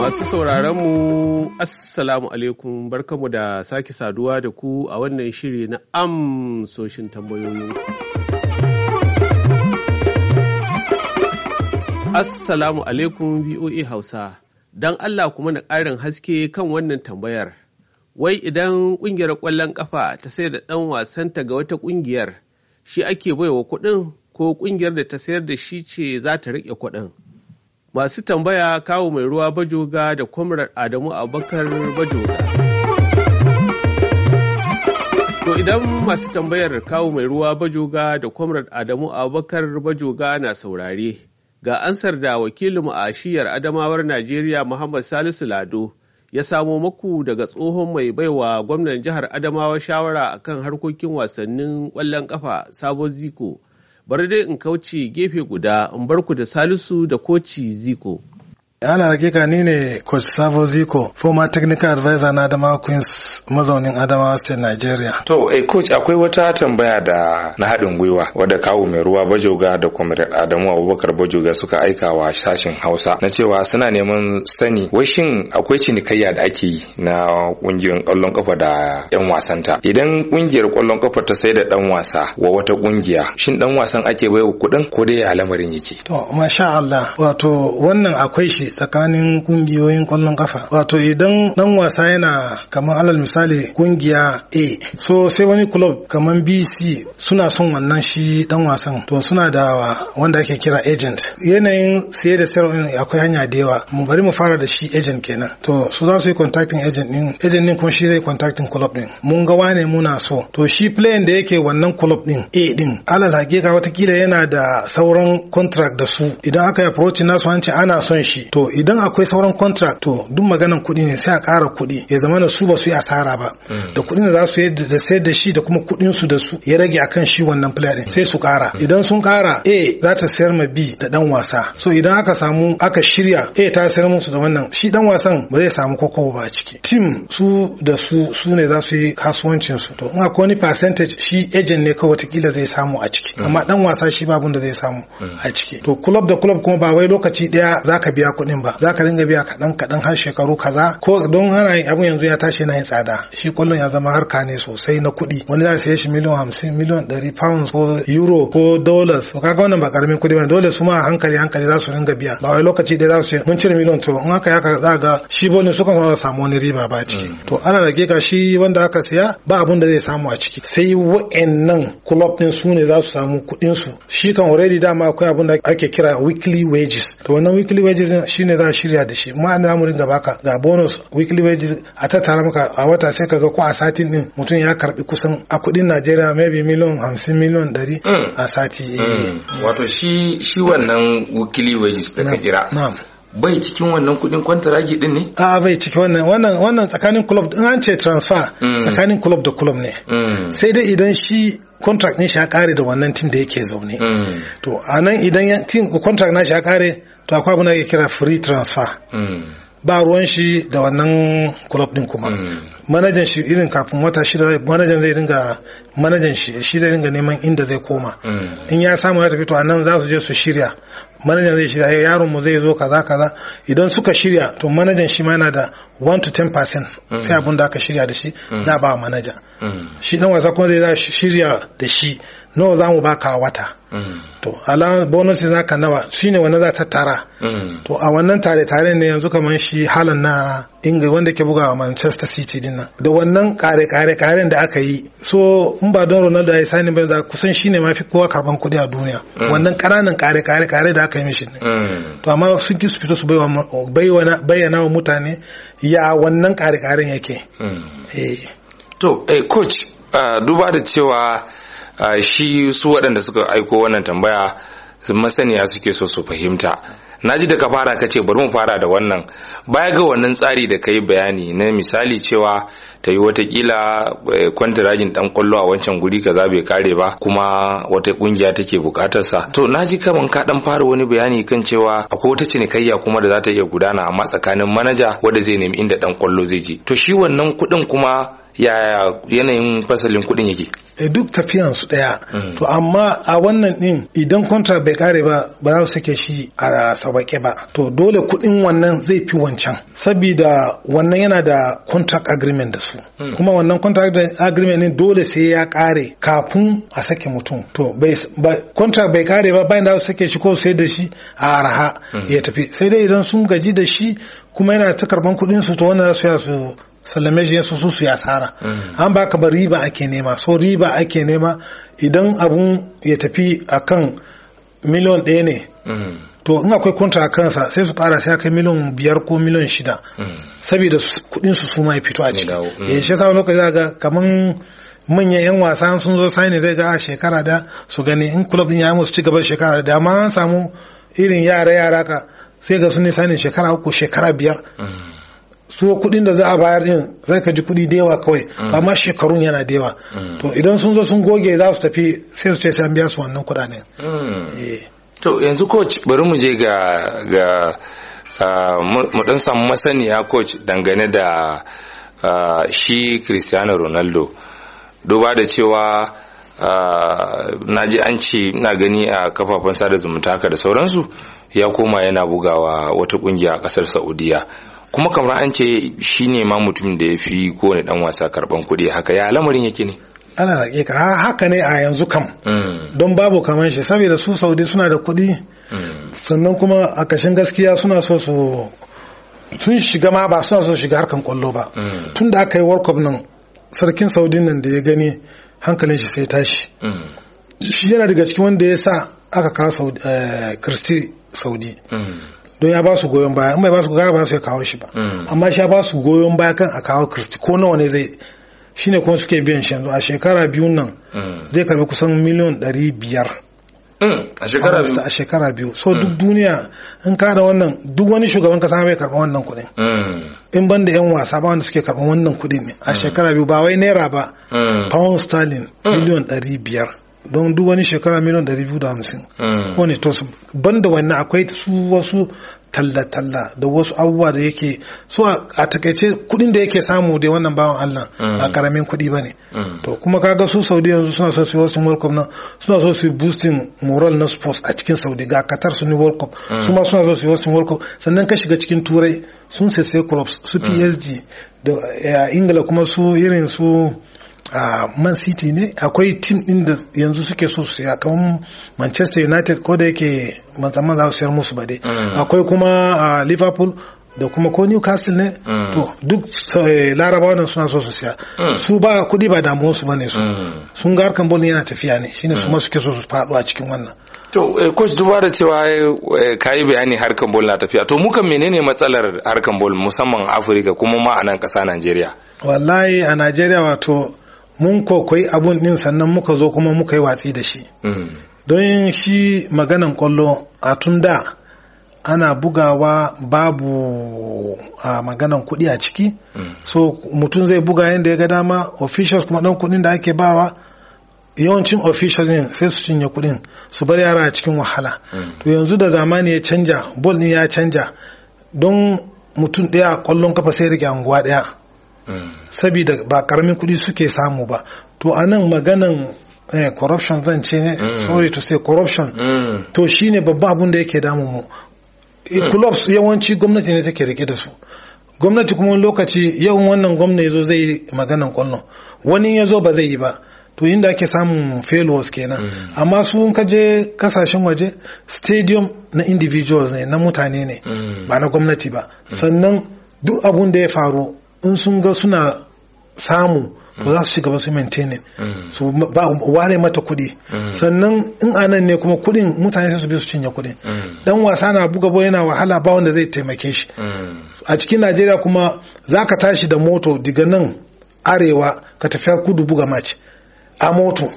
Masu sauraronmu, Assalamu alaikum barkamu da sake saduwa da ku a wannan shiri na amsoshin tambayoyi. Assalamu alaikum VOA Hausa, don Allah kuma na ƙarin haske kan wannan tambayar. Wai idan ƙungiyar ƙwallon ƙafa ta sayar da ɗan wasanta ga wata ƙungiyar, shi ake baiwa kuɗin ko ƙungiyar da ta sayar da shi ce za ta riƙe kuɗin. masu tambaya kawo mai ruwa bajoga da kwamrar adamu abubakar bajoga to idan masu tambayar kawo mai ruwa bajoga da kwamrar adamu abubakar bajoga na saurare ga ansar da wakilinmu a shiyar adamawar najeriya muhammad salisu lado ya samo maku daga tsohon mai baiwa gwamnan jihar adamawa shawara akan harkokin wasannin kwallon kafa sabo ziko bari dai in kauce gefe guda in barku da salisu da koci ziko Ana hakika ni ne Coach Savo Ziko, former technical advisor na Adamawa Queens mazaunin Adamawa State Nigeria. To, eh coach akwai wata tambaya da na haɗin gwiwa wadda kawo mai ruwa Bajoga da Comrade Adamu Abubakar Bajoga suka aika wa sashin Hausa na cewa suna neman sani Wai shin akwai cinikayya da ake yi na ƙungiyar ƙwallon kafa da ƴan wasanta. Idan ƙungiyar ƙwallon kafa ta sai da ɗan wasa wa wata ƙungiya, shin ɗan wasan ake baiwa kuɗin ko dai ya lamarin yake? To, masha Allah, wato wannan akwai shi tsakanin kungiyoyin kwallon kafa wato idan dan wasa yana kamar alal misali kungiya A so sai wani club kamar BC suna son wannan shi dan wasan to suna da wanda ake kira agent yanayin siye da sayarwa akwai hanya da yawa mu bari mu fara da shi agent kenan to su za su yi contacting agent din agent din kuma shi zai contacting club din mun ga wane muna so to shi player da yake wannan club din A din alal hakika wata kila yana da sauran contract da su idan aka yi approach nasu an ce ana son shi to to idan akwai sauran contract to duk maganan kuɗi ne sai a ƙara kuɗi ya zama na su ba su yi asara ba mm. da kuɗin da za su yi da sayar da shi da kuma kuɗin su da su ya rage akan shi wannan player din sai su ƙara mm. idan sun ƙara A za ta sayar ma B da dan wasa so idan aka samu aka shirya A ta sayar musu da wannan shi ɗan wasan ba zai samu koko ba a ciki team su da su su ne za su yi kasuwancin su to in akwai wani percentage shi agent ne kawai watakila zai samu a ciki mm. amma ɗan wasa shi babun da zai samu a ciki to club da club kuma ba wai lokaci daya zaka biya kuɗi kuɗin ba za ka dinga biya kaɗan kaɗan har shekaru kaza ko don hana yi abin yanzu ya tashi yana yin tsada shi kullum ya zama harka ne sosai na kuɗi wani za saye shi miliyan hamsin miliyan ɗari pound ko euro ko dollars to kaga wannan ba karamin kuɗi ba dole su ma hankali hankali za su dinga biya ba wai lokaci ɗaya za su ce mun cire miliyan to in haka ka za ga shi bonus sukan ma samu wani riba ba ciki mm. to ana rage ka shi wanda aka siya ba abin da zai samu a ciki sai wa'annan club din su ne za su samu kuɗin su shi kan already dama akwai abin da ake kira weekly wages to wannan weekly ne za a shirya da shi ma'ana za mu ringa baka ga bonus weekly wages a tattara maka a wata sai ka ga ko a satin din mutum ya karbi kusan a kudin Najeriya maybe miliyan hamsin miliyan dari. Hmm. a sati. Hmm. Wato shi wannan weekly wages da ka kira. bai cikin wannan kudin kwantaragi din ne? A bai cikin wannan wannan wannan tsakanin club din an ce transfer mm. tsakanin club da club ne. Mm. Sai dai idan shi contract din shi ya kare da wannan team da yake zaune. Mm. To anan idan team contract na shi ya kare to akwai abin da ake kira free transfer. ba ruwan shi da wannan club din kuma mm. manajan shi irin kafin wata shida manajan zai ringa manajan shi shi zai ringa neman inda zai koma mm. in ya samu ya tafi to nan za su je su shirya manajan zai shirya yaron mu zai zo kaza kaza idan suka shirya to manajan shi ma yana da 1 to 10 percent mm. sai abin da aka shirya da shi za ba manaja shi dan wasa kuma zai shirya da shi nawa zamu mu baka wata Mm. to ala bonus naka nawa shine wannan za ta tara mm. to a wannan tare tare ne yanzu kamar shi halan na inga wanda ke bugawa manchester city din nan da wannan kare kare karen da aka yi so in ba don ronaldo ya sani ba kusan shine ma fi kowa karban kudi a duniya mm. wannan kananan kare kare kare da aka yi mishi to amma sun ki su fito su bayyana wa mutane ya wannan kare karen yake eh. to eh, coach ah, duba da cewa shi su waɗanda suka aiko wannan tambaya masaniya suke so su fahimta na ji daga fara ka ce bari mu fara da wannan baya ga wannan tsari da ka yi bayani na misali cewa ta yi watakila eh, rajin dan kwallo a wancan guri kaza bai kare ba kuma wata kungiya take bukatarsa to na ji kaman ka dan fara wani bayani kan cewa akwai wata cinikayya kuma da za ta iya gudana amma tsakanin manaja wanda zai nemi inda dan kwallo zai je to shi wannan kuɗin kuma Ya yanayin fasalin kuɗin yake e duk tafiyan su daya mm. to amma a wannan din idan kontra bai kare ba ba za su sake shi a sabake ba to dole kuɗin wannan zai fi wancan saboda wannan yana da contract agreement da su mm. kuma wannan contract agreement din dole sai ya kare kafin a sake mutum to bai contract bai kare ba bayan da su sake shi ko sai da shi a araha mm. ya tafi sai dai idan sun gaji da shi kuma yana ta karban kuɗin su to wanda za su ya su sallame shi su su sara. Mm. an baka ba riba ake nema so riba ake nema idan abun ya tafi akan miliyan ɗaya ne mm. to in akwai kontra kansa sai su ƙara sai kai miliyan biyar ko miliyan shida mm. saboda kuɗin su su ma ya fito a ciki eh, ya shi sa lokaci ga kaman manyan yan wasa sun zo sani zai ga a shekara da su gani in club din ya musu ci gaba shekara da ma an samu irin yara yara ka sai ga sun ne sani shekara uku shekara biyar su kuɗin da za a bayar din zai ka ji kuɗi da yawa kawai mm. amma shekarun yana da yawa mm. to idan sun zo sun goge za su tafi sai su ce sai an biya su wannan ne. Mm. Eh. to yanzu coach bari mu je ga ga mu dan samu masaniya coach dangane da shi Cristiano Ronaldo duba da cewa na ji an ce na gani a kafafen sada zumunta haka da sauransu ya koma yana bugawa wata kungiya a kasar Saudiya kuma kamar an ce shi ne ma mutum da ya fi kowane dan wasa karban kuɗi haka ya lamarin yake ne ana hakika haka ne a yanzu kam mm. don babu kamar shi saboda su saudi suna da kuɗi mm. sannan kuma a kashin gaskiya suna so su tun shiga ma ba suna so shiga harkan kwallo ba mm. tun da aka yi world cup nan sarkin saudi nan da ya gani hankalin shi sai tashi shi yana daga cikin wanda ya sa aka kawo kristi saudi eh, don ya ba su goyon baya in bai ba su gaba ba su ya kawo shi ba mm. amma shi ya ba su goyon baya kan a kawo kristi ko nawa ne zai shine kuma suke biyan shi yanzu a shekara biyu nan mm. zai karbi kusan miliyan ɗari biyar mm. a shekara biyu so duk duniya in kada wannan duk wani shugaban kasa bai karɓi wannan kuɗin in ban da 'yan wasa ba wanda suke karɓa wannan kuɗin ne a shekara biyu ba wai naira ba pound sterling miliyan ɗari biyar don duk wani shekara miliyan ɗari biyu da hamsin wani hmm. to ban da wannan akwai su wasu talla-talla da wasu abubuwa da yake so a takaice kuɗin da yake samu da wannan bawan Allah hmm. a karamin kuɗi ba ne hmm. to kuma kaga su saudi yanzu suna so su yi wasu world cup na suna so su yi boosting moral na sports a cikin saudi ga qatar su yi world cup su ma suna so su yi wasu world cup sannan ka shiga cikin turai sun sai clubs su psg da eh, ingila kuma su irin su a man city ne akwai tim din da yanzu suke so su siya kamar manchester united ko da yake matsaman za su sayar musu ba dai mm. akwai kuma liverpool da kuma ko newcastle ne mm. to duk eh, larabawa suna so su siya mm. su ba kudi ba damuwar su bane su sun ga harkan bol yana tafiya ne shine su ma suke so su faɗo a cikin wannan To, eh, coach duba da cewa eh, kai bayani harkan bol na tafiya. To, mukan menene matsalar harkan bol musamman Afirka kuma ma a nan kasa Najeriya? Wallahi a Najeriya wato mun kokoi abun din sannan muka zo kuma muka yi watsi da shi mm. don shi maganan kwallo a tun da ana bugawa babu a maganan kuɗi a ciki mm. so mutum zai buga yadda ya ga dama officials kuma ɗan kuɗin da ake bawa yawancin officials ne sai su cinye kuɗin su bar yara a cikin wahala mm. to yanzu da zamani ya canja bol ɗin ya canja don mutum ɗaya kwallon kafa sai rike anguwa ɗaya saboda ba karamin kuɗi suke samu ba to a nan maganan eh, corruption zan ce ne mm. sorry to say corruption mm. to shine babban abun da yake damu mu eh, mm. clubs yawanci gwamnati ne take rike da su gwamnati kuma lokaci yawan wannan gwamna ya zo zai maganan kwallo wani ya zo ba zai yi ba to inda ake samun failures kenan mm. amma su ka je kasashen waje stadium na individuals ne na mutane ne ba na gwamnati ba sannan duk abun da ya faru in sun ga suna samu ba za su shiga ba su maintaining mm. su ba ware mata kuɗi mm. sannan in anan ne kuma kuɗin mutane sai su bi su cinye kuɗin mm. dan wasa na buga bo yana wahala ba wanda zai taimake shi a cikin Najeriya kuma zaka tashi da moto diga nan arewa ka tafi kudu buga mace a moto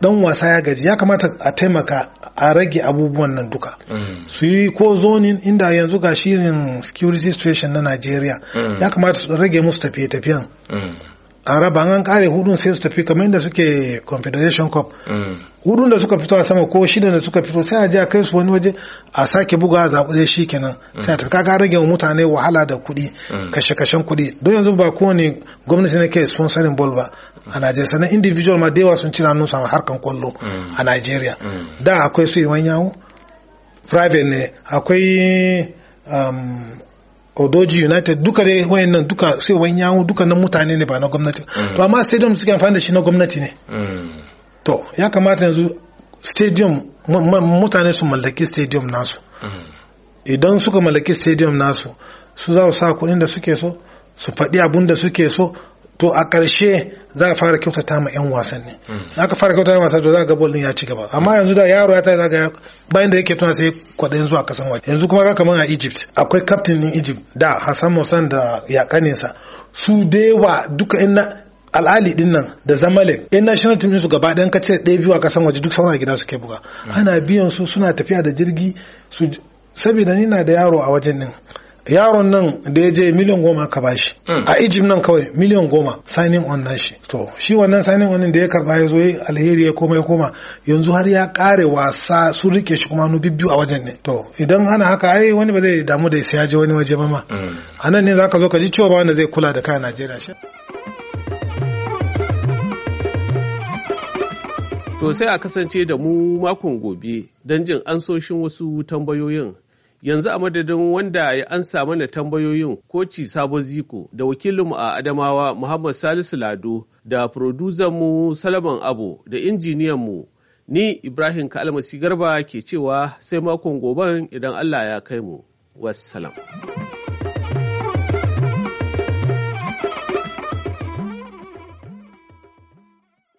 dan wasa ya gaji ya kamata a taimaka a rage abubuwan nan duka mm. su yi ko zonin inda yanzu ga shirin security situation na Nigeria. Mm. ya kamata su rage musu tafiye-tafiyen mm. a raba an kare hudun sai su tafi kamar inda suke confederation cup mm. hudun da suka fito a sama ko shida da suka fito sai a je a kai su wani waje a sake buga a zaɓe shi kenan mm. sai a tafi kaga rage wa mutane wahala da kuɗi mm. kashe-kashen kuɗi don yanzu ba kowane gwamnati na ke sponsorin ball ba a Najeriya sannan individual ma da yawa sun cina nusa harkan kwallo a Najeriya da akwai su yi wani private ne akwai um, odoji united duka dai wayannan duka sai wani yawo duka nan mutane ne ba na gwamnati mm. to amma stadium suke amfani da shi na gwamnati ne mm. to ya kamata yanzu stadium mutane su mallaki stadium nasu mm. idan suka mallaki stadium nasu su za su sa kuɗin da suke so su faɗi abun da suke so to a karshe za a fara kyautata ma 'yan wasan ne hmm. in aka fara kyautata ma wasan to za ga bol ya ci gaba amma yanzu da yaro ya ta ga bayan da yake tuna sai kwaɗayin zuwa kasan waje yanzu kuma ga kamar a Egypt akwai captain Egypt da Hassan Musan da yakaninsa su dewa duka ina al'ali din nan da zamalek in national team su gaba ɗayan kace ɗaya biyu a kasan waje duk sauran gida suke buga hmm. ana biyan su suna tafiya da jirgi su saboda ni na da yaro a wajen nan yaron nan da ya je miliyan goma ka shi. Mm. a ijim nan kawai miliyan goma signing on shi. to shi wannan signing on da ya karba ya zo ya alheri ya koma ya koma yanzu har ya kare wasa sun rike shi kuma biyu a wajen ne to idan ana haka ai wani ba zai damu da sai ya je wani waje ba ma mm. a nan ne zaka zo ka ji cewa ba wanda zai kula da kai a Najeriya shi To sai a kasance da mu makon gobe don jin ansoshin wasu tambayoyin. yanzu a madadin wanda ya ansa mana tambayoyin koci sabo ziko da wakilinmu a adamawa muhammad salisu lado da mu salaman abu da injiniyanmu ni ibrahim kalmasi garba ke cewa sai makon goban idan allah ya kai mu wassalam.